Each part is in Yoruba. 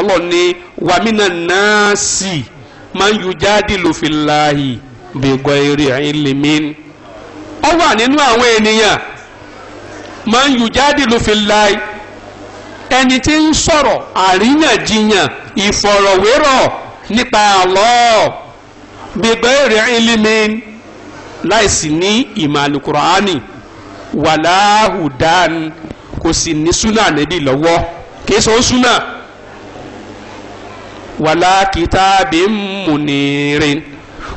ọlọ́run ní wàmínà náàsì máa ń yu jáde lófin láàyè bẹ̀gọ́ eré ìlímìn ó wà nínú àwọn ènìyàn máa ń yu jáde lófin láàyè ẹni tí ń sọ̀rọ̀ àríyànjiyàn ìfọ̀rọ̀wérọ̀ nípa àlọ́ bẹ̀gọ́ eré ìlímìn láìsí ní ìmọ̀ àlùkùránì wàláhùdán kò sì ní súnà níbi lọ́wọ́ kì í sọ súnà wàlá kìtàbí mùnìrín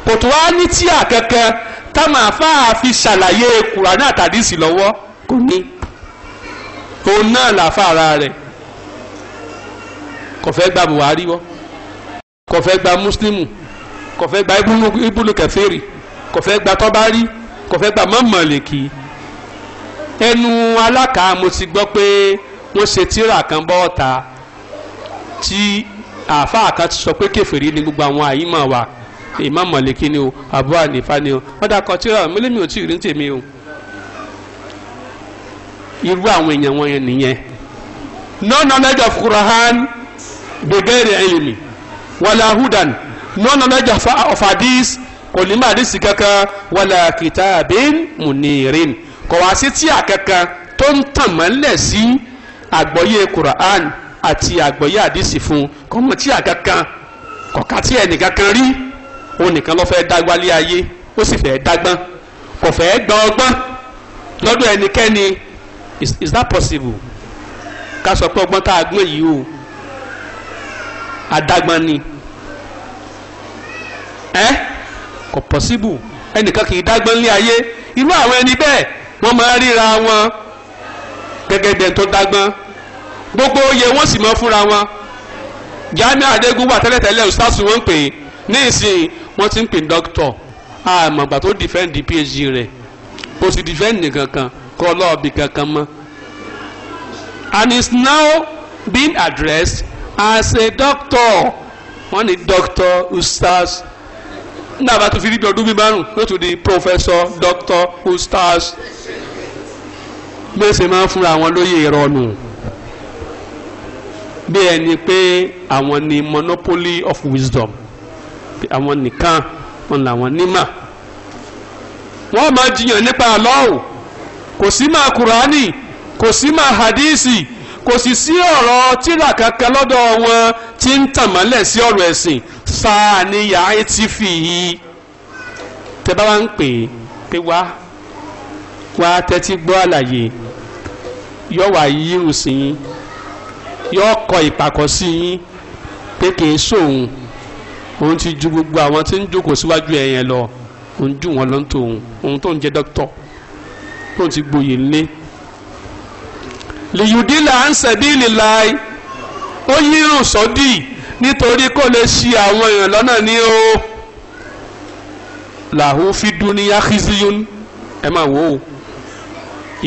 kò tó wá ní tíà kankan táwọn àfáà fi ṣàlàyé kùránà àtàdísì lọ́wọ́ kò ní òun náà làáfà ara rẹ̀ kò fẹ́ gba Buhari wọ́ kò fẹ́ gba Muslimu kò fẹ́ gba ibùnú kẹfẹ́rì kò fẹ́ gba tọ́bárí kò fẹ́ gba mọ́mọ́lẹ́kì ẹnu alákàá mo ti gbọ́ pé wọ́n ṣe tíra kan bọ́ ọ̀ta tí àáfàá kan ti sọ pé kèfèrí ni gbogbo àwọn àyímọ̀ wa Imam Maliki ni o Abu Hanifa ni o wọ́n dà kọ́ tíra mílíọ̀nù ò tí ì rí tèmi o irú àwọn èèyàn wọn yẹn nìyẹn no knowledge of Quran bẹ̀gẹ́rẹ̀ ẹ̀yẹ̀mí wàlá hudan no knowledge of hadith kò ní máa dí sí kankan wàlá kitabin munirin kò wá sí tíà kankan tó ń tàn mọ́lẹ̀ sí àgbọ́yé Quran àti àgbọ̀yé àdìsí fún kọ́mọ tí àkankan kọ̀ọ̀ká tí ẹnìkankan rí òun nìkan ló fẹ́ dágbálé ayé ó sì fẹ́ dágbọ́n kò fẹ́ gbọ́n ọgbọ́n lọ́dọ̀ ẹnikẹ́ni is is that possible ká sọ pé ọgbọ́n tá a gbọ́n yìí o adágbọ́n ni ẹ kò possible ẹnìkan kì í dágbọ́n lé ayé irú àwọn ẹni bẹ́ẹ̀ wọ́n máa ríra wọn gẹ́gẹ́ bí tó dágbọ́n gbogbo oyè wọ́n sì mọ fúnra wọn Jamiu Adégún wà tẹ́lẹ̀tẹ́lẹ̀ ọ̀sásù wọn pè é ní ìsìn wọ́n ti ń pè dókítọ̀ àmọ̀gbà tó dìfẹ́ǹdì phd rẹ̀ kò sì dìfẹ́ǹdì kankan kọ́ lọ́ọ̀bì kankan mọ́ and is now being addressed as a doctor wọ́n ní doctor ustaz nígbà bá tó fi bíbí ọdún bíi márùn yóò tún di professor doctor ustaz gbèsè máa ń fúnra wọn lóye ìrọ̀nù bí ẹni pé àwọn ni monopoly of wisdom àwọn nìkan wọn làwọn nímà wọ́n máa jiyàn nípa àlọ́ọ̀ kò sí máa kùránì kò sí máa hadísì kò sì sí ọ̀rọ̀ tíra kankan lọ́dọ̀ wọn tí ń tàn sí ọ̀rọ̀ ẹ̀sìn sáà ni yàá ti fi yìí tẹ bá wá ń pè é wá wá tẹ́tí gbọ́ àlàyé yọ wá yín yóò kọ ìpàkọ́ sí yín pé kìí sóhun òun ti ju gbogbo àwọn tí ń jókòó síwájú ẹ̀yẹn lọ òun jù wọ́n lọ ń tòun òun tó ń jẹ́ dókítọ̀ tóun ti gboyè ńlé. lìyùdílà ń sẹ̀dí ìlìláì ó yí irun sọ́dí nítorí kó lè ṣi àwọn èèyàn lọ́nà ní o làwọn fi dún ní yáhísíyún ẹ máa wò ó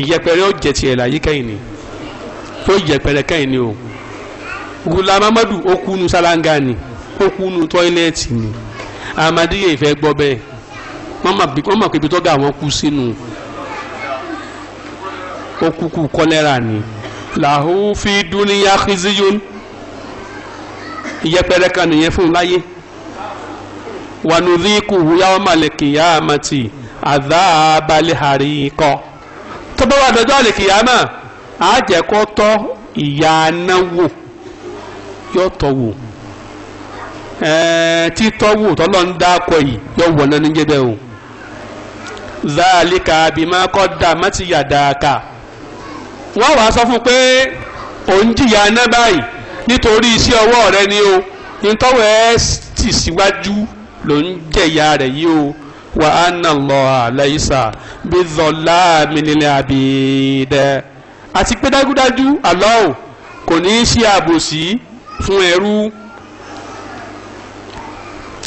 ìyẹpẹrẹ ó jẹ tiẹ̀ láyé kẹ́yìn ni ó yẹpẹrẹ kẹ́yìn ni o. Ghulam Amadu ó kú nu ṣáláńgá ni ó kú nu tọ́ílẹ̀tì ni Ahmadiyya ìfẹ́ gbọ́ bẹ́ẹ̀ wọ́n mọ̀ pé ibi tọ́gà wọn kú sínú ó kú kú kọ́lẹ́rà ni làhùn fi dúníyà kìzíyún ìyẹpẹrẹ kan nìyẹn fún un láyé wànúdíkù yàwọ́màlẹ̀kìyà àmàtì àdáàbálẹ̀ àríkọ́ tó bá wà dọjọ́ àlẹ̀kìyà náà àjẹkọ́ tọ́ ìyá náà wò yóò tọ̀ wò títọ́ wò tọ́lọ́ ń dá akọ yìí yóò wọ̀ náà níjẹ́ bẹ́ẹ̀ o zaalika abimakọ da mati yadaka wọ́n wàá sọ fún pé òun jìyà ná báyìí nítorí iṣẹ́ ọwọ́ rẹ ni o nítọ́wọ́ ẹ tì síwájú ló ń jẹ̀yà rẹ̀ yìí o wa anna Allah laysa bí zọlá mílíọ̀nù àbídẹ́ àti pé dájúdájú Allah kò ní í ṣe àbòsí fún ẹrú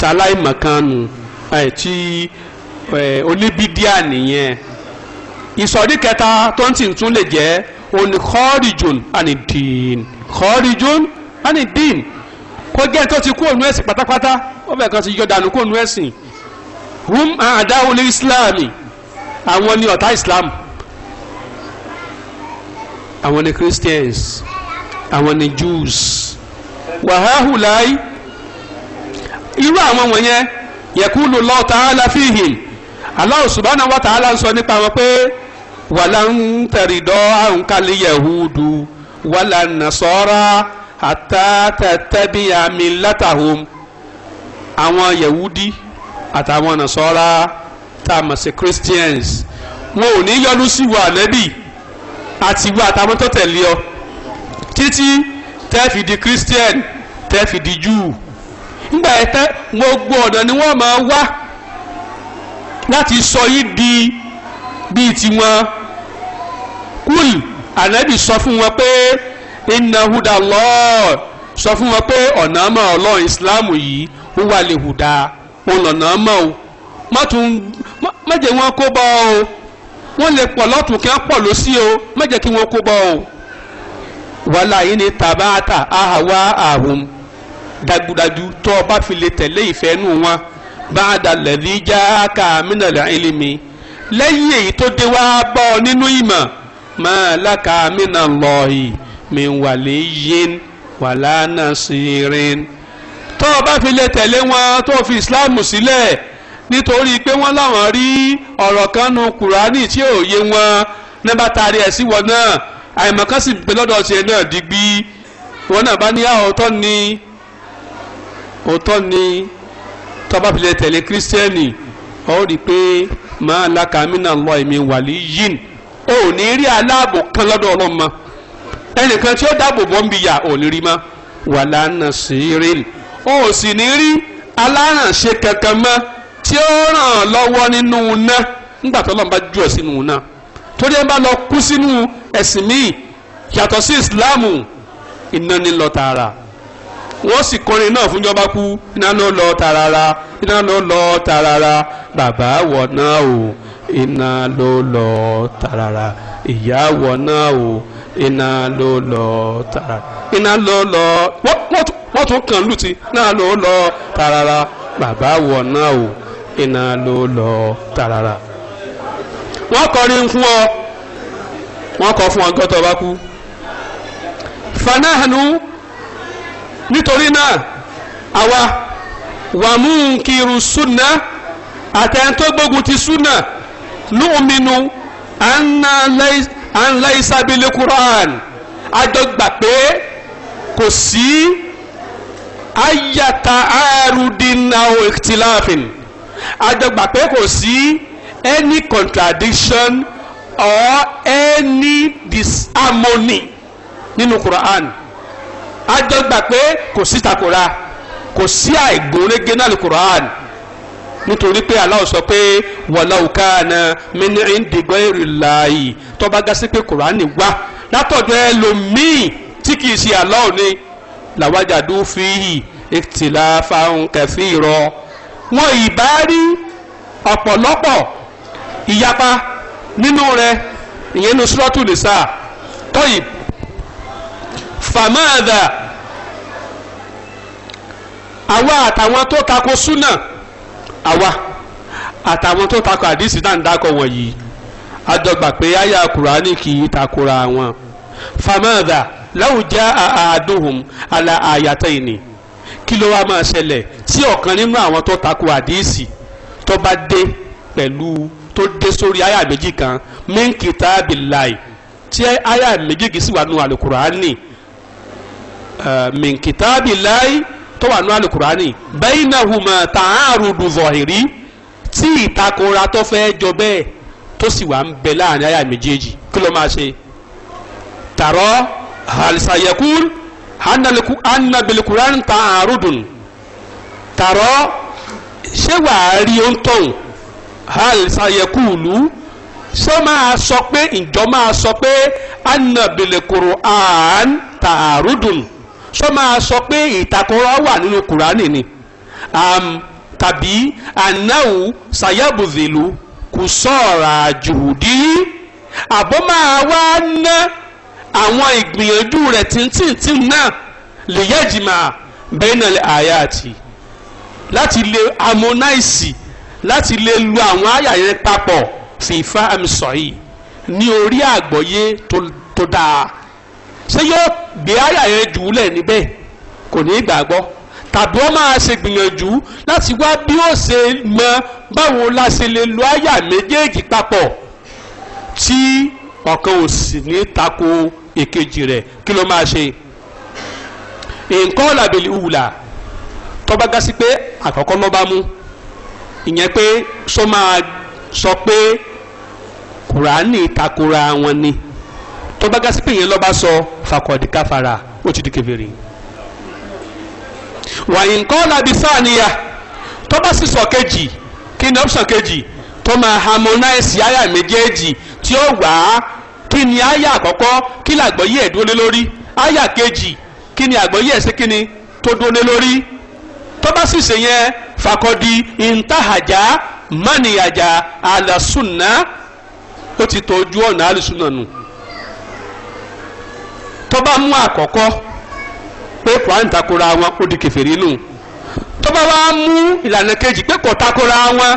taláìmọ̀kanu àti oníbídíà nìyẹn ìsọ̀rí kẹta tó ń tì tún lè jẹ́ òní kọ́ọ̀rìjùn ànìdín kọ́ọ̀rìjùn ànìdín kó jẹ́ tó ti kú ònú ẹ̀sìn pátápátá ó bẹ̀ kan ti yọ dànù kó ònú ẹ̀sìn hum àdáwò ní islámì àwọn ni ọ̀tá islam àwọn ni christians àwọn ni jews. wàháhù láì Iru àwọn wọ̀nyẹn yẹ̀kúlù Allah ta'ala fihim Allah subhanahu wa ta'ala ń sọ nípa wọn pé walan taridọ́ àǹkálẹ̀ yẹ̀húdù walan nasara hatta tattabi'a millatahum àwọn yẹ̀húdí àtàwọn nasara tá a mọ̀ sí Christians wọn ò ní yọlú sí wa àlẹ́bì àti wa àtàwọn tó tẹ̀lé ọ títí. tẹ́ẹ̀fì di christian tẹ́ẹ̀fì di jew ńgbà yẹn tẹ́ gbogbo ọ̀nà ni wọ́n máa wá láti sọ yìí di bíi tiwọn kúl ànábì sọ fún wọn pé iná húdà lọ́ọ̀ sọ fún wọn pé ọ̀nà àmọ́ ọlọ́run ìsìláàmù yìí ó wà lè hùdà ọ̀nà àmọ́ o má wọn kó bọ́ o wọ́n lè pọ̀ lọ́tún kí wọ́n pọ̀ lọ́sí o má jẹ́ kí wọ́n kó bọ́ o. wàhálà yìí ni tabata ahawa ahum dagudaju tó o bá fi lè tẹ̀lé ìfẹ́ nù wọn báadà lẹ́bí já ká mínàlá ìlími lẹ́yìn èyí tó dé wá bọ́ ọ nínú ìmọ̀ máa láka mínà lọ́ọ̀hì mi wà lè yín wà lánà sí irin. tó o bá fi lè tẹ̀lé wọn tó o fi islam sílẹ̀ nítorí pé wọ́n láwọn rí ọ̀rọ̀ kan nu kùránì tí ò yé wọn nígbà tá sí wọn náà àìmọ̀kan si ń pe lọ́dọ̀ tiẹ̀ náà digbí wọn náà bá ní ọ̀tọ̀ ah, ni ọ̀tọ̀ ni tọ́ba filẹ̀ tẹ̀lé kírísítẹ́nì ó rí i pé máa lákàmínà lọ èmi wàlí yín o ò ní rí aláàbò kan lọ́dọ̀ ọlọ́run mọ́ ẹnìkan tí ó dáàbò bọ́ ń bi yà ò ní rí mọ́ wàlá o ò sì ní rí kankan mọ́ tí ó ràn lọ́wọ́ nínú iná nígbà tó lọ́nba jù ọ́ sínú iná torí ẹ bá lọ kú sínú ẹ̀sìn míì yàtọ̀ sí ìsìláàmù iná ní lọ tààrà wọ́n sì kọrin náà fúnjọba kú iná ló lọ tààrà iná ló lọ tààrà bàbá wọ̀ náà o iná ló lọ tààrà ìyá wọ̀ náà o iná ló lọ tààrà iná ló lọ wọ́n tún kàn lùtì iná ló lọ tààrà bàbá wọ̀ náà o iná ló lọ tààrà wọ́n kọrin fún ọ wọ́n kọ́ fún wọn gọ́tọ̀ bá kú. fanahanu nítorí náà àwa wàmúnkiru sunna àtẹ̀ntó gbógun ti sunna nu'minu anláìsábílẹ̀ quran àjọgbà pé kò sí ayata arudinao ikhtilafin àjọgbà pé kò sí any contradiction or any disharmony nínú Quran a jọ gbà pé kò sí takora kò sí àìgbórégé náà ní Quran nítorí pé Allah sọ pé walau kana min indi ghairillahi tó bá gá sí pé Quran wá látọ̀dọ̀ ẹlòmíì tí kìí ṣe Allah ni lawajadu fihi ikhtilafan kathira wọn ìbá rí ọ̀pọ̀lọpọ̀ ìyapa nínú rẹ̀ ìyẹn nu sùrọ́tù lè sá tọ́yì fàmáàdà àwa àtàwọn tó tako súnà àwa àtàwọn tó tako àdìsí náà ń dákọ̀ wọ̀nyí àdọ́gba pé àyà kùránì kì í takora wọn fàmáàdà láwùjá àádóhùn àlà àyàtọ̀ ìní kí ló wá máa ṣẹlẹ̀ tí ọ̀kan nínú àwọn tó tako àdìsí tó bá dé pẹ̀lú tó dé sórí àyà méjì kan min kitabillahi tí àyà méjì kì í sì wà nù alukurani eh, min kitabillahi tó wà nù alukurani bainahuma ta'arudu zahiri tí ìtakora tó fẹ́ jọ bẹ́ẹ̀ tó sì wà ń bẹ láàrin àyà méjèèjì kí ló máa ṣe tààrọ halisayekun anabilikuran ta'arudun tààrọ ṣé wàá rí ohun tóun hal sayekulu ṣé máa sọ pé ǹjọ́ máa sọ pé anabele quran taarudun ṣé máa sọ pé ìtakùrọ̀ wà nínú kùránì ni um, tàbí anáwó sayabuzilu kò sọ̀ra jùdí àbọ̀ máa wá ná àwọn ìgbìyànjú rẹ̀ tìǹtìǹtì náà lè yẹ́jìmá náà lè àyà àti láti lè harmonize láti lè lu àwọn àyà yẹn papọ̀ sí ifá àmìsọ̀ yìí ní orí àgbọ̀yé tó dáa ṣé yóò gbé àyà yẹn jù ú lẹ̀ níbẹ̀ kò ní í gbàgbọ́ tàbí wọ́n máa ṣe gbìyànjú láti wá bí ó ṣe mọ báwo la ṣe lè lu àyà méjèèjì papọ̀ tí ọ̀kan ò sì ní tako èkejì rẹ̀ kí ló máa ṣe nǹkan ọ̀làbẹ̀lì wùlà tọ́ba gá sí pé àkọ́kọ́ ló mú ìyẹn pé sọ máa sọ pé kùránì takora wọn ni tó bá gá sí pé ìyẹn lọ́ba sọ fàkọ̀dì ó ti di kèfèrí wàyí nǹkan làbí sáàníyà tó bá sì sọ kejì kí ni option kejì tó máa harmonize àyà méjèèjì tí ó wà á kí ni àyà àkọ́kọ́ kí làgbọ́yé ẹ̀ dúró lé lórí àyà kejì kí ni àgbọ́yé ẹ̀ sí kí ni tó dúró lé lórí tọ́ba sì ṣe yẹn fakọ́di ìntàhàjà mánìyàjà àlàsùnà ó ti tọ́jú ọ̀nà àlùsùnà nù tọ́ba mú àkọ́kọ́ pé kùránì takora wọn ó di kèfèrí nù tọ́ba wa mú ìlànà kejì pé kò takora wọn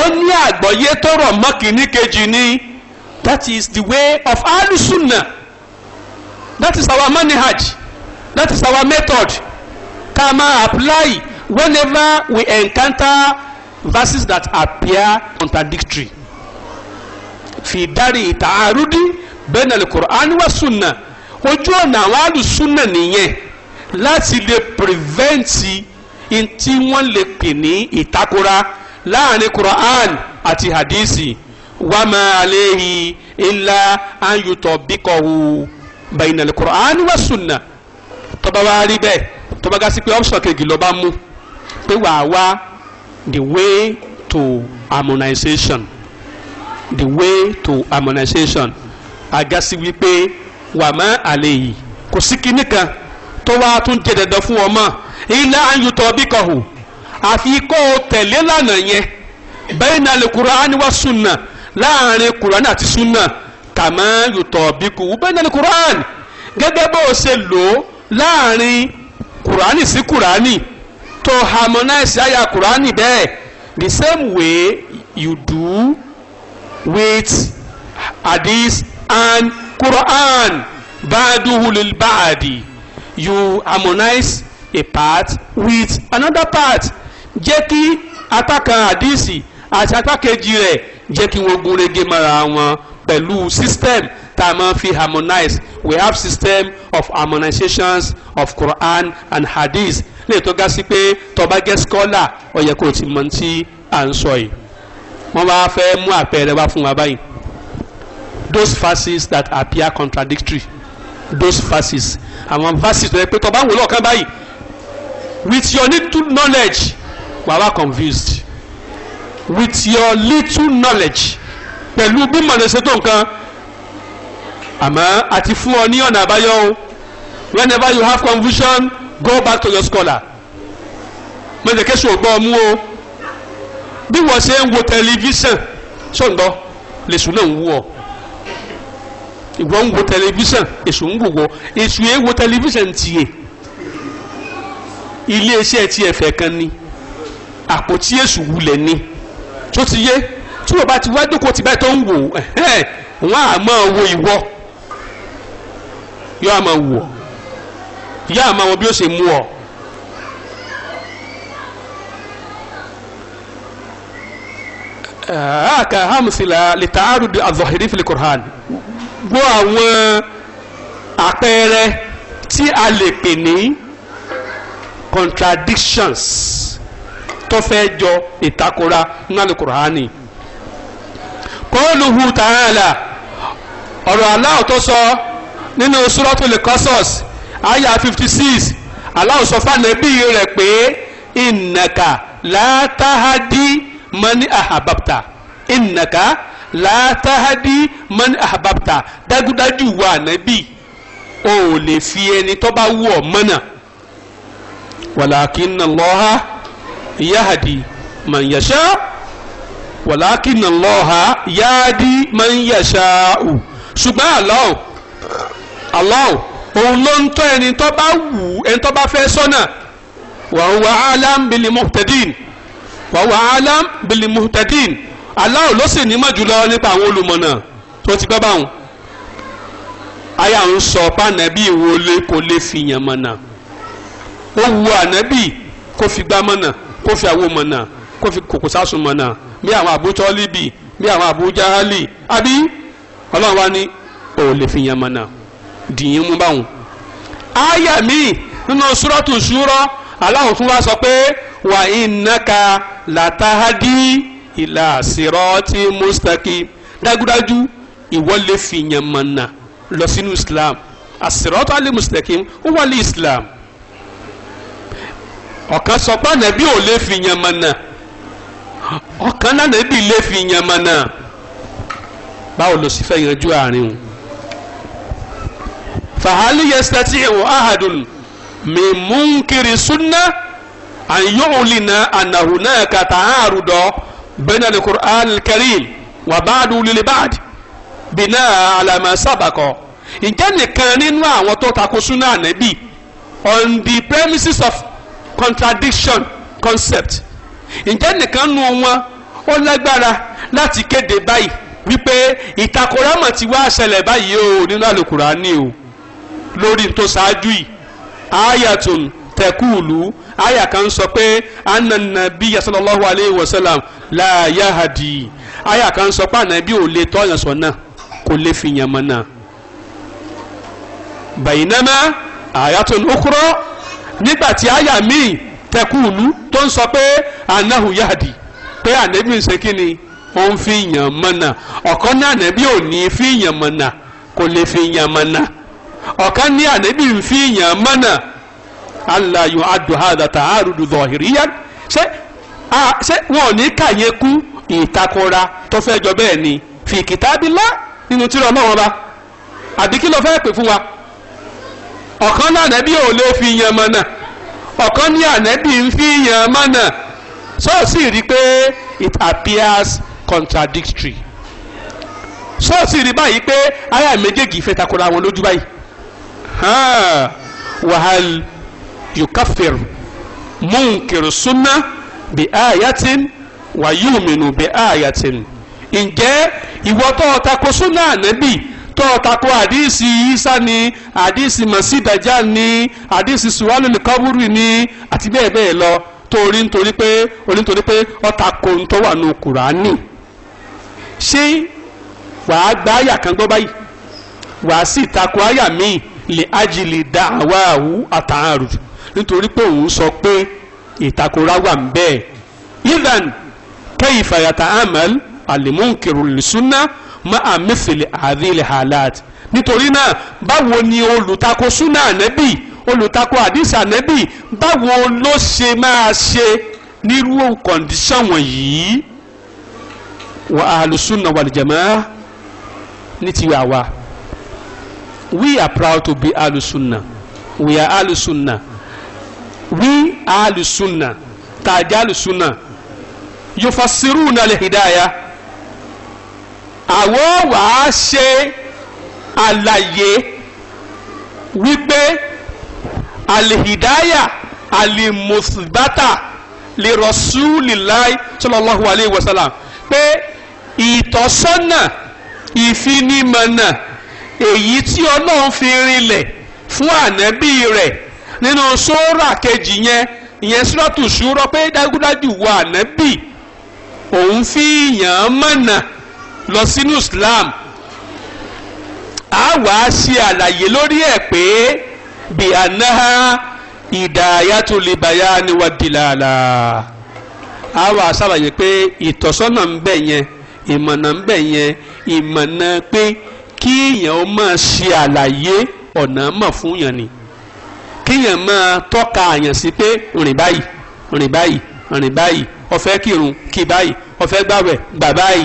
ó ní àgbọ́yé tọrọ mọ́kìnní kejì ni that is the way of alusunna that is our manihaj that is our method tá máa apply whenever we encounter verses that appear contradictory fi dari taarudi bẹ́ẹ̀ nàlẹ́ Qur'an wa sunna ojú ọ̀nà àwọn alùsùnà nìyẹn láti lè prevent ntí wọ́n lè pè ní ìtakora láàrin Qur'an àti hadisi wa ma alehi illa an yutabbiqahu bẹ́ẹ̀ nàlẹ́ Qur'an wa sunna tọ́ba wa rí bẹ́ẹ̀ tọ́ba gasi pé option kejì ló mú pé wàá wá the way to harmonization the way to harmonization àgàsí wípé wà má àlè yìí kò sí kinní kan tó wá tún jẹ dandan fún ọmọ ilé ayùtọ̀ bí kan hù àfi kó o tẹ̀lé lànà yẹn bẹ́ẹ̀ náà lè Kùránì wá sunna láàrin Kùránì àti sunna kàmá yùtọ̀ bí kù bẹ́ẹ̀ náà lè Kùránì gẹ́gẹ́ bó o ṣe lò láàrin Kùránì sí Kùránì. Si to harmonize aya Qur'ani bẹ́ẹ̀ the same way you do with hadith and Quran ba'duhu hulil ba'di you harmonize a part with another part jẹ́ kí apá kan hadisi àti apá kejì rẹ̀ jẹ́ kí wọ́n gún régé wọn pẹ̀lú system tá a fi harmonize we have system of harmonizations of Quran and hadith lè tó ga sí pé tó bá jẹ́ skọ́là ó yẹ kó ti à ń sọ yìí wọ́n bá fẹ́ mú àpẹẹrẹ wá fún wa báyìí those verses that appear contradictory those verses àwọn verses tó yẹ pé tó bá ń wò lọ́ọ̀kan báyìí with your little knowledge wà wá confused with your little knowledge pẹ̀lú bí mọ̀lẹ́sẹ̀ tó nǹkan àmọ́ àti fún ọ ní ọ̀nà àbáyọ o whenever you have confusion go back to your scholar mọ̀lẹ́kẹ́sì ò gbọ́ ọmú o bí wọ́n ṣe ń wo tẹlifíṣàn sọ̀ǹdọ́ lèṣù náà ń wú ọ ìwọ ń wo tẹlifíṣàn èṣù ń wò wọ èṣù yẹn wo tẹlifíṣàn tiẹ̀ iléeṣẹ́ tí ẹ̀fẹ̀ kan ni àpótí èṣù wulẹ̀ ni tó ti yé tí wọ́n bá ti wá dókòó tìbẹ́ tó ń wò wọ́n á máa wo ìwọ yóò á máa wò ọ́ yá àmọ́ wọn bí ó ṣe mú ọ. aka ah, ah, hamsila litaarudu azọhiri fili kurhan gbọ́ àwọn àpẹẹrẹ tí a lè pè ní contradictions tó fẹ́ jọ ìtakora nínú kurhani kọ́ọ̀lù hu tààlà ọ̀rọ̀ aláwọ̀ tó sọ nínú suratul qasas àyà fifty six Allah sọ fánẹ́bí rẹ̀ pé ìnàkà látàhádì mọ́ni àhàbàbtà ìnàkà látàhádì mọ́ni àhàbàbtà dájúdájú wà nẹ́bí o ò lè fi ẹni tó bá wù ọ́ mọ́nà wàlàkínà lọ́ha yahadi man yasha wàlàkínà lọ́ha yahadi man yasha ṣùgbọ́n Allah Allah òun ló ń tọ́ ẹni tó bá wù ú ẹni tó bá fẹ́ sọ́nà wa huwa alam bil muhtadin wa huwa alam bil muhtadin Allah ló sì nímọ̀ jùlọ nípa àwọn olùmọ̀nà tó ti gbọ́ báwọn. aya ń sọ pànàbí ìwọlé kò lè fìyàn mọ̀nà ó wu ànábì kó fi gbá mọ̀nà kó fi àwo mọ̀nà kó fi kòkò sásùn mọ̀nà bí àwọn Abu Talibi bí àwọn Abu Jahali àbí ọlọ́run wa ní ò lè fìyàn mọ̀nà dìyín mú báwọn. àyà mi nínú sùrọ́tù sùrọ́ aláwọ̀ tún wá sọ pé wà ìnáka làtàhádì ìlà sírọ́tì mustaki dájúdájú ìwọ lè fìyàn mọ̀nà lọ sínú islam àsìrọ́tù alẹ́ mustaki ó wà ní islam ọ̀kan sọ pé ànábì ò lè fìyàn mọ̀nà ọ̀kan náà lè fìyàn mọ̀nà báwo ló sì fẹ́ yanjú àárín o fàhálì yẹsẹtì ìwọ ahadùn mi múnkiri súnà àyọ̀ọ̀lìnà ànàhùnà kàtà àrùdọ̀ bẹ́ẹ̀nà ní qur'an karim wà báàdù lílẹ̀ báàdì bìnà àlàmà sábàkọ. ǹjẹ́ nìkan nínú àwọn tó takò súnà ànẹ́bì on the premises of contradiction concept ǹjẹ́ nìkan nu wọn ó lágbára láti kéde báyìí wípé ìtakòrámọ̀ ti wá ṣẹlẹ̀ báyìí o nínú àlùkùránì o lórí tó ṣáájú yìí ayatun tẹkùlù aya kan sọ pé ananabi sallallahu alayhi wa sallam la yahadi aya kan sọ pé anabi ò lè tọ́yàn sọ́nà kò lè fìyàn mọ́ náà bàyìnàmá ayatun okoro nígbà tí aya míì tẹkùlù tó ń sọ pé anahu yahadi pé anabi ń ṣe kí ni ó ń fi yàn mọ́nà ọ̀kan náà nàbí ò ní fi yàn mọ́nà kò lè fi yàn mọ́nà ọ̀kan ní ànábì ń fi yàn mọ́nà alayun aduhada taharudu zọhìríyá ṣé ṣé wọn ò ní kàyé kú ìtakora tó fẹ́ jọ bẹ́ẹ̀ ni fi kìtàbílá nínú tírà Ọlọ́run bá àbí kí ló fẹ́ pè fún wa ọ̀kan ní ànábì ò lè fi yàn mọ́nà ọ̀kan ní ànábì ń yàn mọ́nà ṣọ́ọ̀ṣì rí pé it appears contradictory ṣọ́ọ̀ṣì rí báyìí pé aya méjèèjì fẹ́ takora wọn lójú báyìí ها وهل يكفر منكر السنة بآية ويؤمن بآية ǹjẹ́ ìwọ tó o tako súnà ànábì tó o tako àdìsí isa ni àdìsí masidaja ni àdìsí suwalili kaburu ni àti bẹ́ẹ̀ bẹ́ẹ̀ lọ torí nítorí pé orí nítorí pé o tako ń tó wà nù kùránì ṣé gbọ́ báyìí sì lè ájìlì dá àwa àwù àtàárù nítorí pé òun sọ pé ìtakora wà ń bẹ́ẹ̀ idan kayfa yata'amal alimunkiru lisuna ma amithili adil halat nítorí náà báwo ni olùtakò súnà ànẹ́bì olùtakò àdìsí ànẹ́bì báwo ló ṣe máa ṣe nírú kọ̀ǹdíṣàn wọ̀nyí wa ahlus sunna wal jamaa ní tiwa wa we are proud to be Ahlus Sunnah we are Ahlus Sunnah we are Ahlus Sunnah tàjá Ahlus Sunnah yufassiruna al-hidayah àwọn wàá ṣe àlàyé wípé alihidaya alimusibata li sallallahu alayhi wa sallam pé ìtọ́sọ́nà ìfinimọ̀nà èyí tí ọlọ́run fi rinlẹ̀ fún ànábì rẹ̀ nínú sóòrà kejì yẹn ìyẹn sírọ́tù ṣúrọ́ pé dájúdájú wọ ànábì òun fi yàn án mọ̀nà lọ sínú Islam a wàá ṣe àlàyé lórí ẹ̀ pé bí anáhà ìdáyàtò lè bàyà ni wà dìlàlà a wà ṣàlàyé pé ìtọ́sọ́nà ń bẹ yẹn ìmọ̀nà ń bẹ yẹn ìmọ̀nà pé kí èèyàn ó máa ṣe àlàyé ọ̀nà mọ̀ fún yàn ni kí èèyàn máa tọ́ka àyàn sí pé rìn báyìí rìn báyìí rìn báyìí ó fẹ́ kírun kí báyìí ó fẹ́ gbàwẹ̀ gbà báyìí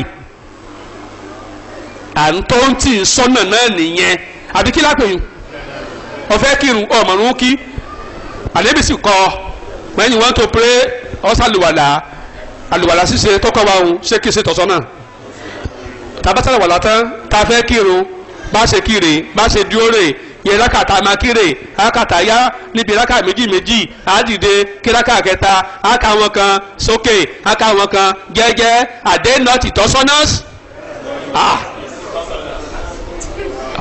à ń tó ń tì í sọ́nà náà nìyẹn àbí kí lápẹ̀yìn ó fẹ́ kírun ọ̀mọ̀rún kí àlébìsì kọ́ when you want to pray ọ̀sán àlùwàlà àlùwàlà ṣíṣe tọ́kọ̀ wa òun ṣé kí ṣe tọ̀sọ́ náà tabasara wà látàn ta fẹ́ kírun bá ṣe kíre bá ṣe dúórè yẹ rákàtà máa kíre rákàtà yá níbi rákà méjì méjì àádìde kí rákà kẹta àkà wọn kan sókè àkà wọn kan gẹ́gẹ́ àdé nọ́ọ̀tì tọ́sọ́nọ́s. Ah.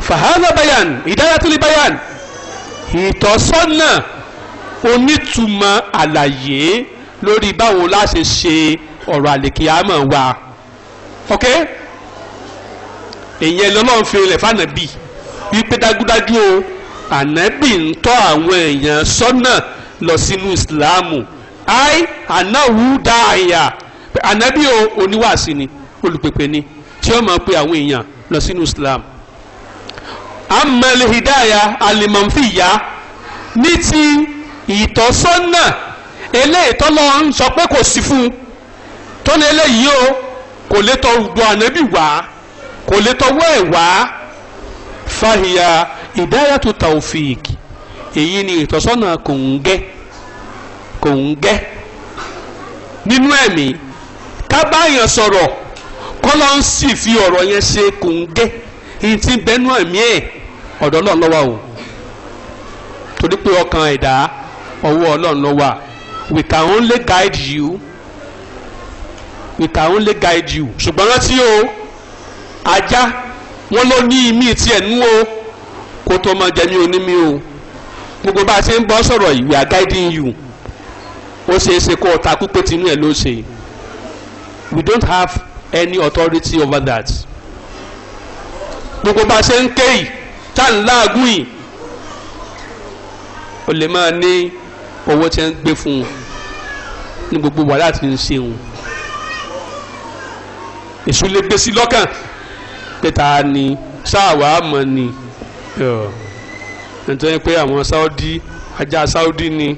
fàhánà bayan ìdáyàtúlì bayan ìtọ́sọ́nà onítùmọ̀ àlàyé lórí báwo la ṣe ṣe ọ̀rọ̀ àlèkè àmọ́ wa. okay? ìyẹn lọ́lọ́run fi rẹ̀ fànàbì wípé dájúdájú o ànábì ń tọ́ àwọn èèyàn sọ́nà lọ sínú ìsìláàmù ai ànáwó dá àyà ànábì o oníwàásí ni olùpèpè ni tí ó máa pe àwọn èèyàn lọ sínú ìsìláàmù. amẹ́lẹ́hìdáyà alimọ̀nfìyà ní ti ìtọ́sọ́nà eléyìí tọ́lọ́ ń sọ pé kò sí fún un tó ní o kò lè tọ́ gbọ́ ànábì wá kò lè tọwọ́ ẹ̀ wá fahiya ìdáyàtú taofik èyí ni ìtọ́sọ́nà kòǹgẹ́ kòǹgẹ́ nínú ẹ̀mí kábàáyàn sọ̀rọ̀ kọ́lọ́ ń sì fi ọ̀rọ̀ yẹn ṣe kòǹgẹ́ èyí tí bẹ́nu ẹ̀mí ẹ̀ ọ̀dọ̀ náà o torí pé ọkàn ẹ̀dá ọwọ́ ọlọ́run we can only guide you we can only guide you ṣùgbọ́n rántí o ajá wọn ló ní imí tiẹ̀ nú o kó tó mọ jẹ́mi onímí o gbogbo bá a ṣe ń bọ́ sọ̀rọ̀ yìí we are guiding you ó ṣeé ṣe kó ọ̀tá pípé tinú ẹ̀ ló ṣe we don't have any authority over that gbogbo bá a ṣe ń ké yìí tá n láàgùn yìí o lè máa ní owó tí ń gbé fún un ní gbogbo wàhálà tí ń ṣe òun èṣù lè gbé sí lọ́kàn pé ta ni sáàwá mọ̀ ni nítorí pé àwọn Saudi ajá Saudi ni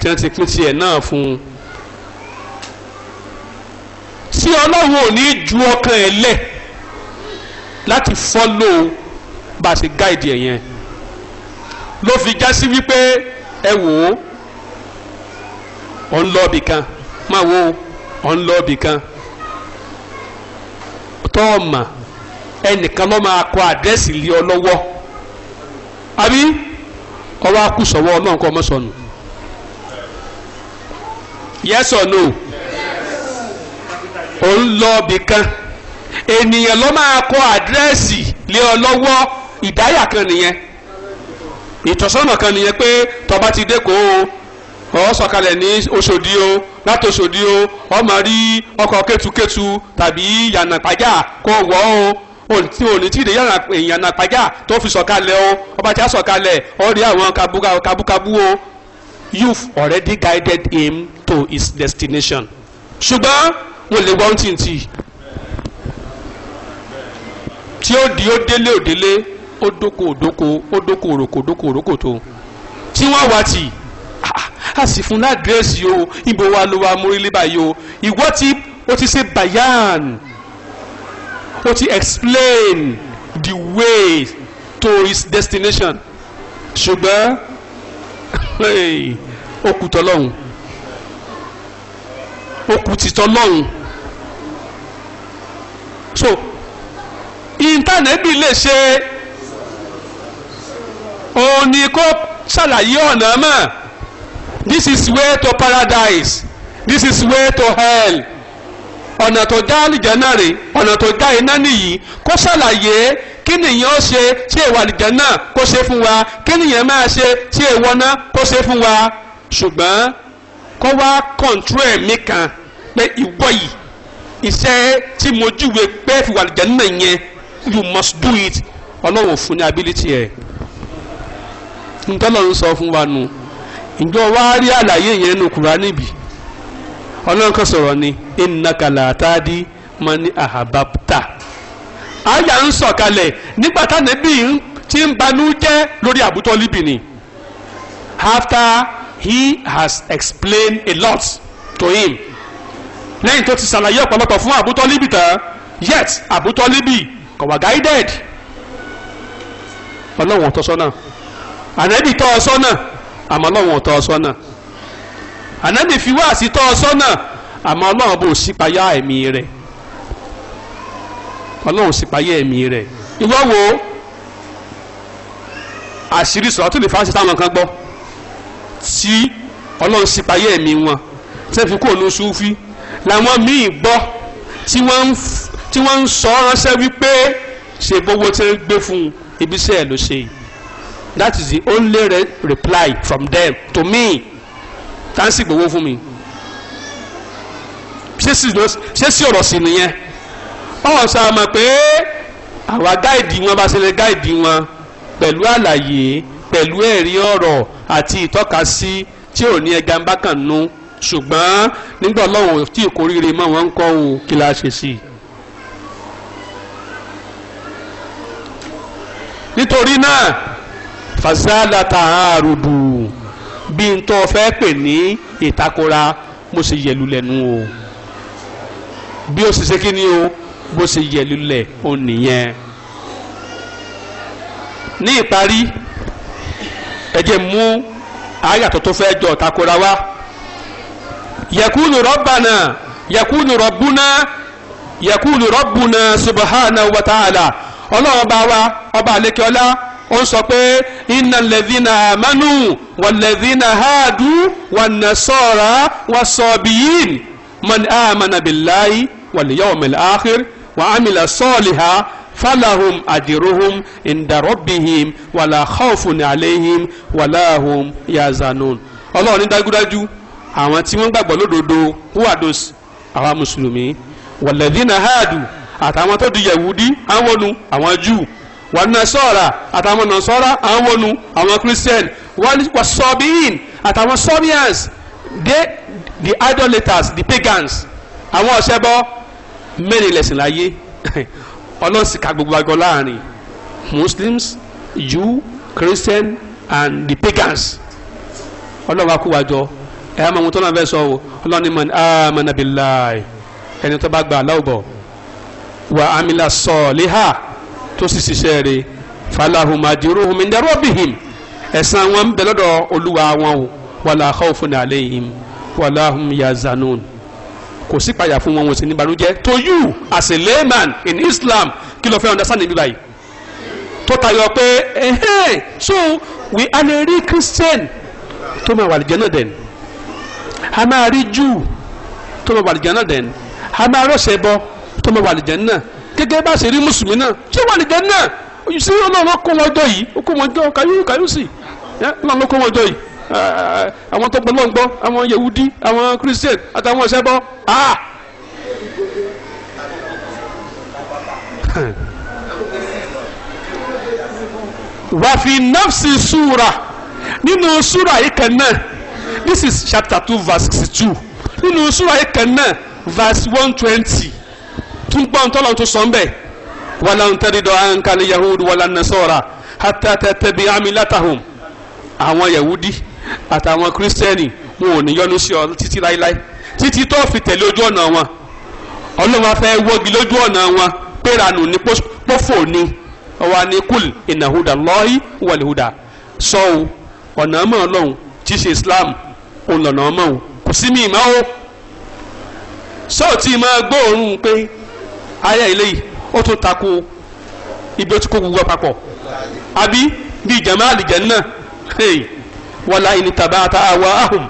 tí wọ́n ti pín tiẹ̀ náà fún un tí ọlọ́run ò ní ju ọkàn ẹ̀ lẹ̀ láti fọ́lò bá a ṣe gáìdì ẹ̀ yẹn ló fi já sí wípé ẹ wò ó ọ̀ ń lọ ibì kan máa wò ó ọ̀ ń lọ ibì kan tọ́ ọ̀ mà ẹnìkan ló máa kọ àdírẹ́sì lé ọ lọ́wọ́ àbí ọwọ́ akúsọ̀wọ́ ọlọ́run kọ́ ọmọ yes or no ò ń lọ ibì kan ènìyàn ló máa kọ àdírẹ́sì lé ọ lọ́wọ́ ìdáyà kan nìyẹn ìtọ́sọ́nà kan nìyẹn pé tọba ti dé o ọ sọ̀kalẹ̀ ní Òṣòdì o láti Òṣòdì o ọ máa rí ọkọ̀ kẹtukẹtu tàbí yànnàpájà kó wọ́ o tí ò ìdè yàrá èèyàn nàpájà tó fi sọ̀kalẹ̀ o ọba tí a sọ̀kalẹ̀ ọ̀rẹ́ àwọn kabúkabú o you've already guided him to his destination ṣùgbọ́n wọ́n lè wọ́n tì tì tí ó di ó délé ó délé ó dóko òdóko ó dóko òròkò dóko òròkò tó tí wọ́n wá tì ah, a sì fún ládírẹ́sì o ibo wa ló wa mórílé báyìí o ìwọ́ tí ó ti ṣe bayan ó ti explain the way to his destination ṣùgbọ́n ó kù tọ́lọ́hún ó kù títọ́ lọ́hún so intanẹ́bì lè ṣe òun ni kó ṣàlàyé ọ̀nà mọ̀ this is way to paradise this is way to hell. ọ̀nà tó já àlìjẹ́nà rè ọ̀nà tó já iná nìyí kó ṣàlàyé kí nìyẹn ó ṣe tí èèwọ̀ àlìjẹ́nà kó ṣe fún wa kí nìyẹn máa ṣe tí èèwọ̀ náà kó wa ṣùgbọ́n kó wá kọ̀ǹtúrò ẹ̀mí kan pé ìwọ yìí iṣẹ́ tí mo júwe pé fi wà àlìjẹ́nà yẹn you must do it ọlọ́wọ̀ fún ní ability ẹ̀ sọ fún wa nù ǹjọ́ wa rí àlàyé yẹn nù kúránì bíi ọlọ́run kan sọ̀rọ̀ ni innaka la tahdi man ahbabta àyà ń sọ̀kalẹ̀ nígbà tánàbí ti ń banú jẹ́ lórí Abu Talib after he has explained a lot to him lẹ́yìn tó ti ṣàlàyé ọ̀pọ̀lọpọ̀ fún Abu Talib tán yet Abu libi kò wá guided ọlọ́run ọ̀tọ̀ sọ́nà ànábì tọ́ ọ sọ́nà àmọ́ ọlọ́run ọ̀tọ̀ sọ́nà ànábì fi wá àsìtọ́ sọ́nà àmọ́ ọlọ́run bò sípayá ẹ̀mí rẹ̀ ọlọ́run sípayá ẹ̀mí rẹ̀ ìwọ́ wo àṣírí sọ̀rọ̀ tó lè fà á sí kan gbọ́ tí ọlọ́run sípayá ẹ̀mí wọn sẹ́fi kó ló súnfí làwọn míì gbọ́ tí wọ́n ń sọ ránṣẹ́ wípé ṣe bówó tí ń gbé fún ibiṣẹ́ ẹ̀ ló ṣe that is the only reply from them to me tá ń sì gbowó fún mi ṣé sí ọ̀rọ̀ sí nìyẹn báwọn sọ ma pé àwa gáìdì wọn bá ṣe lè gáìdì wọn pẹ̀lú àlàyé pẹ̀lú ẹ̀rí ọ̀rọ̀ àti ìtọ́kasí tí ò ní ẹja ń bá kàn nú ṣùgbọ́n nígbà ọlọ́run tí ìkórìíre mọ́ wọn ń kọ́ o kí la ṣe sí i. nítorí náà fàṣálà tààrùdù bí n tó fẹ́ pè ní ìtakora mo sì yẹ̀lú lẹ́nu o bí o sì ṣe kí ni o bó ṣe yẹ̀lú lẹ̀ o nìyẹn ní ìparí ẹ jẹ́ mú àyàtọ̀ tó fẹ́ jọ ìtakora wá yakunu rabbana yakunu rabbuna yakunu rabbuna subhanahu wa ta'ala ọlọ́run bá wa ọba àlékè ọlá ó sọ pé iná lẹ́dínà àmánú wà lẹ́dínà háàdú wà nàṣọ́ra wà sọ̀bìyìn mọ̀n àmàna bìláyì wà lè yàwó mẹ́lẹ̀ áhìr wà ámìlà sọ́ọ̀lì ha fàlàhùn àdìrúhùn ìdàrọ́bìhìn wà là kọ́ọ̀fùn àléhìn wà láhùn yazanun. ọlọ́run ní dájúdájú àwọn tí wọ́n gbàgbọ́ lódodo wúwàdós àwọn mùsùlùmí wà lẹ́dínà háàdú àtàwọn tó di yẹ̀wúdí àwọn nu àwọn júù wà nasọ́ra àtàwọn nasọ́ra àwọn wọnú àwọn christian wà sọ́bíìn àtàwọn sọ́bíàns dé the idolaters the pagans àwọn ọ̀ṣẹ́bọ mẹ́rin lẹ̀sìn láyé ọlọ́sìkà gbogbo àgọ́ láàrin muslims jew christian and the pagans ọlọ́wà kú wájọ ẹ á mọ ohun tó náà fẹ́ sọ o ọlọ́run ni mọ̀n amanabilayi ẹni tó bá gba aláwọ̀ wà á mi la sọ̀ léha. So, tó sì ṣiṣẹ́ rẹ̀ falahum ajruhum inda rabbihim ẹ̀san wọn ń bẹ lọ́dọ̀ olúwa wọn o wala khawfun alayhim wala hum yazanun kò sí ìpayà fún wọn wọn sì ní ìbànújẹ́ to you as a layman in Islam kí ló fẹ́ understand níbí báyìí tó tayọ pé ẹ̀hẹ́n so we a lè rí Christian tó máa wà lìjẹ́ náà dẹ̀n a máa rí Jew tó máa wà lìjẹ́ náà dẹ̀n a máa rọ̀ṣẹ̀ bọ tó máa wà lìjẹ́ náà gẹ́gẹ́ bá ṣe rí mùsùlùmí náà ṣé wà nìjẹ́ náà ojú sí ọlọ́run kó wọn jọ yìí ó kó wọn jọ kàyúrú kàyúsì ọlọ́run kó wọn jọ yìí àwọn tó gbọ́lọ́ gbọ́ àwọn yehudi àwọn christian àtàwọn ṣẹbọ wàfi nafsi sura nínú sura yìí this is chapter two verse sixty two nínú sura yìí verse one twenty tún gbọ́n tọ́lọ́ tún sọ ń bẹ̀ wàlá ń tẹ́rí dọ̀ ànkálí yahudu wàlá nasọ́ra hàtà tẹ́tẹ́ bí àmì látàhùn àwọn yahudi àtàwọn kírísítẹ́nì wọn ò ní yọ́nú sí ọ títí láíláí títí tó fi tẹ̀lé ojú ọ̀nà wọn ọlọ́wọ́n fẹ́ wọ́gi lójú ọ̀nà wọn péranù ní pófò ni ọwọ́ ni kùl ìnàhùdà lọ́ọ̀yì wàlúhùdà sọ́ọ̀ ọ̀nà mọ́ ọlọ́run tí í ṣe islam òun ọmọ òun kò sí mi ìmọ̀ o sọ́ọ̀ máa gbóòórùn pé ayé eléyìí ó tún tako ibi ó ti kó gbogbo papọ̀ àbí bí ìjàmbá àlìjẹ́nà hey wàlá ìní tàbá ta àwa ahùn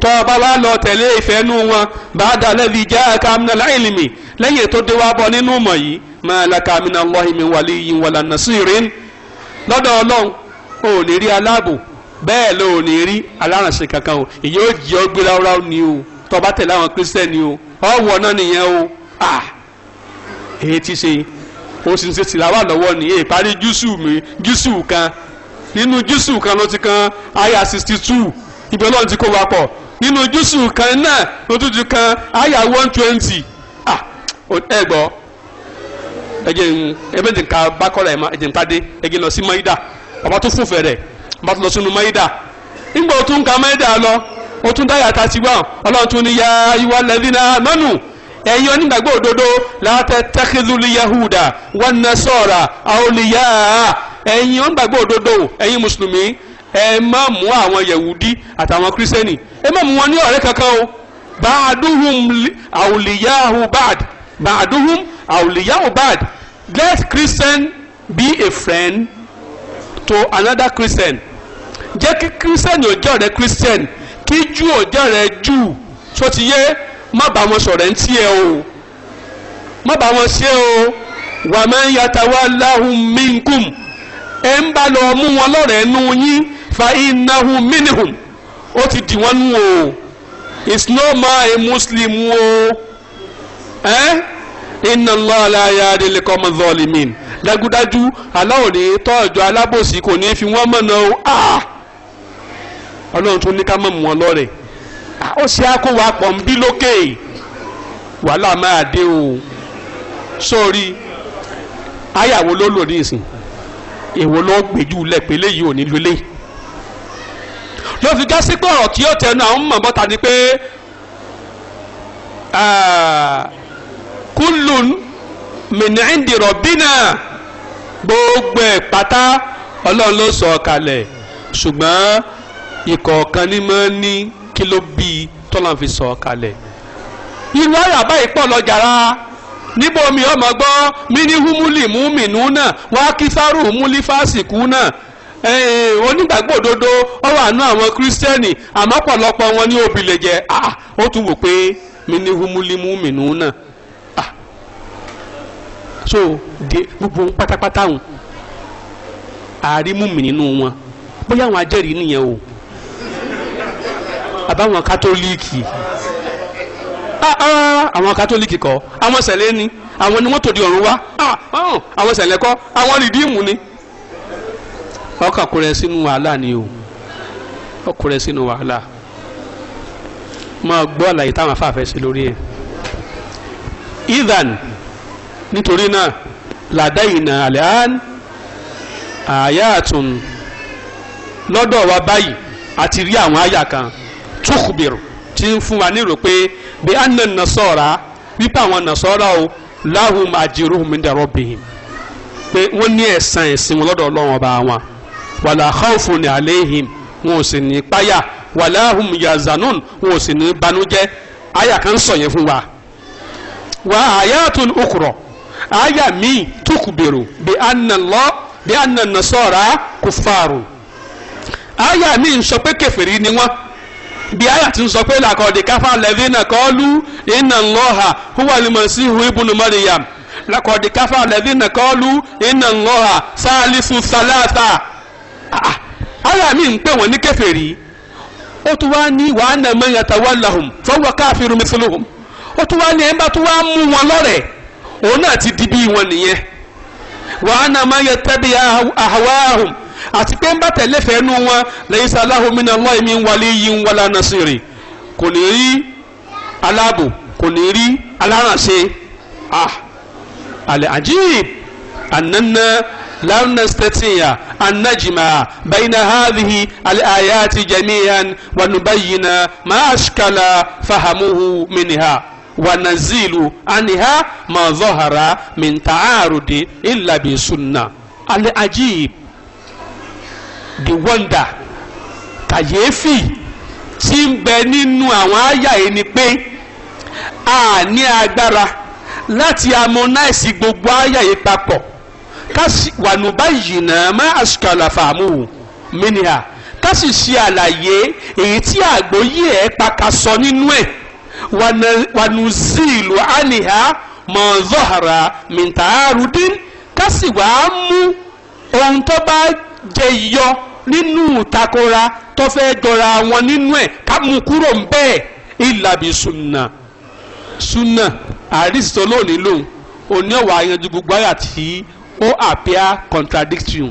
tọ́ ọ bá wá lọ tẹ̀lé ìfẹ́ nú wọn bá a dà lẹ́bi ìjà ẹ̀ka amúnà láìlìmì lẹ́yìn tó dé wá bọ́ nínú mọ̀ yìí máa laka amúnà lọ́hìnmi wàlí yìí wàlá nàṣírin lọ́dọ̀ ọlọ́run ò ní rí aláàbò bẹ́ẹ̀ ló ò ní rí alárànṣe kankan o ìyẹn ó jẹ́ ó gbé ni o tọ́ bá tẹ̀lé àwọn kírísítẹ́nì o ọ̀ wọ̀ náà nìyẹn o ah èyí ti ṣe o sì ń ṣe tìlàwà lọ́wọ́ ni èyí parí júùsù mi júùsù kan nínú júùsù kan ló ti kan aya sixty two ibi ọlọ́run ti kó wa pọ̀ nínú júùsù kan náà ló tún ti kan aya one twenty ah ẹ gbọ́ ẹ jẹ́ n ẹ bẹ́ẹ̀ ti ka bákọ́rọ̀ ẹ jẹ́ n pàdé ẹ lọ sí maida ọba tó fún fẹ̀rẹ̀ ọba tó lọ sínú maida nígbà tó ń ka maida lọ ó tún dáyà tá a ti gbà ọlọ́run tún ní ya ayíwá lẹ́dínà mẹ́nu ẹ̀yin onígbàgbọ́ òdodo látẹ tẹ́kílúlì yahuda wọn nà sọ̀ra àwòlíyà ẹ̀yin onígbàgbọ́ òdodo ẹ̀yin mùsùlùmí ẹ má mú àwọn yahudi àtàwọn kírísítẹ́nì ẹ má mú wọn ní ọ̀rẹ́ kankan o bàdúhùm àwòlíyàhù bàd bàdúhùm àwòlíyàhù bàd let christian be a friend to another christian jẹ́ kí christian ò jẹ́ ọ̀rẹ́ christian kí jù ò jẹ́ ọ̀rẹ́ jù tó ti yé má bá wọn sọ̀rọ̀ ń tiẹ̀ o má bá wọn ṣe o wà máa ń yàtàwá láhùn minkum ẹ ń bá lọ mú wọn lọ́rẹ̀ẹ́ nú yín fa ináhùn mínihùn ó ti dì wọ́n nú o it's no ma a muslim o ẹ́ iná lọ aláya adélé kọ́mọ zọlímìn dájúdájú aláwòrán tọ́jú alábòsí kò ní fi wọ́n mọ̀nà o ah! ọlọ́run tún ní ká mọ̀ mú lọ́rẹ̀ẹ́. ó ṣe akówà pọ̀ ń bí lókè wàhálà máa dé o sórí ayàwó ló lò ní ìsìn èwo ló gbèjú lẹ́pẹ́ léyìí ò ní lulẹ̀ ló fi gá sí pé ọ̀rọ̀ tí ó tẹnu àwọn mọ̀ bọ́ta ni pé kúlùn mìnìndì rọ̀bìnà gbogbo ẹ̀ pátá ọlọ́run ló sọ kalẹ̀ ṣùgbọ́n ìkọ̀ọ̀kan ni mo ní. kí ló bí i tọ́lọ́n fi sọ̀ kalẹ̀ irú àyà báyìí pọ̀ lọ́jàrá níbo mi ọmọ gbọ́ mini humuli muminu náà wá kí sáárù humuli fásikù náà onígbàgbọ́ òdodo ọ̀rọ̀ àánú àwọn kírísítẹ́nì àmọ́ pọ̀lọpọ̀ wọn ní obì lè jẹ́ ah, ó tún wò pé mini humuli muminu náà ah. so de gbogbo pátápátá wọn àárí mùmí nínú wọn bóyá àwọn ajẹ́rìí nìyẹn o àbáwọn kátólíìkì ah, ah, àwọn kátólíìkì kọ́ àwọn sẹ̀lẹ̀ ni àwọn ni wọ́n tòdì ọ̀run wá ah, àwọn sẹ̀lẹ̀ kọ́ àwọn rìdíìmù ni ọkà kúrẹ sínú wàhálà ni o ọkùrẹ sínú wàhálà máa gbọ́ àlàyé táwọn afáfẹ́ sí lórí ẹ̀ idan nítorí náà làdáyìnà àlẹ́hán àyàtún lọ́dọ̀ wa báyìí àti rí àwọn àyà kan Tukubiru, ti ń fún wa nírò pé bí anna nasọ́ra wípé àwọn nasọ́ra o lahum ajruhum min rabbihim pé wọ́n ní ẹ̀san ẹ̀sìn wọn lọ́dọ̀ ọlọ́wọ́n bá wọn wala khawfun alayhim wọn ò sì ní páyà wala hum yazanun wọn ò sì ní banújẹ́ àyà kan sọ yẹn fún wa wa ayatul ukhra àyà míì tukhbiru bí anna Allah bí anna nasọ́ra kuffaru àyà míì ń sọ pé kèfèrí ni wọ́n. bí àyà ti ń sọ pé làkọ̀dé káfá lẹ́bí náà kọ́ọ́lù iná ńlọ́ha húwà ní mọ̀sí hu ibùnú mọ́ríyàm làkọ̀dé káfá lẹ́bí náà kọ́ọ́lù iná ńlọ́ha sáàlìsù sálàtà. àyà mi ń pè wọ́n ní kèfèrí ó tún wá ní wàá nà mọ́ yàtọ̀ fọwọ́ ó tún wá ní ẹ̀ ń wọn òun náà ti di wọn nìyẹn nà àti pé ń bá tẹ̀lé fẹ́nu wọn laysa lahu minallahi min waliyyin wala nasiri kò ní rí aláàbò kò ní rí alárànṣe ah al-ajib annanna lam nastati'a an najma'a bayna hadhihi al-ayati jami'an wa nubayyina ma ashkala fahamuhu minha wa nazilu anha ma dhahara the wonder kàyéfì tí ń bẹ nínú àwọn àyà yìí ni pé a ní agbára láti harmonize gbogbo àyà yìí papọ̀ kasi wànúbà yìí náà má àsùkàlà fàámù mìnìhà kasi ṣe àlàyé èyí tí àgbóyè ẹ̀ paka sọ nínú ẹ̀ wànúzìlù àníhà mọ̀ọ́dọ́hàrà mìntàárùdín kasi wàá mú ohun tó bá jẹ yọ nínú ìtakora tó fẹ́ jọra wọn nínú ẹ̀ ká mú kúrò ń bẹ́ẹ̀ ìlàbí sunna sunna àrísítọ́ lónìí lòun òní ọ̀wà ayanjú gbogbo àyà tí ó appear contradiction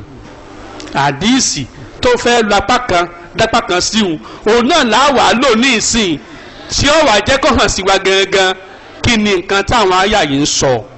àdíìsì tó fẹ́ lu apá kan dápá kan sí òun òun náà láwàá lò ní tí ó jẹ́ kó hàn sí wa gangan kí ni nǹkan táwọn àyà yìí ń sọ. So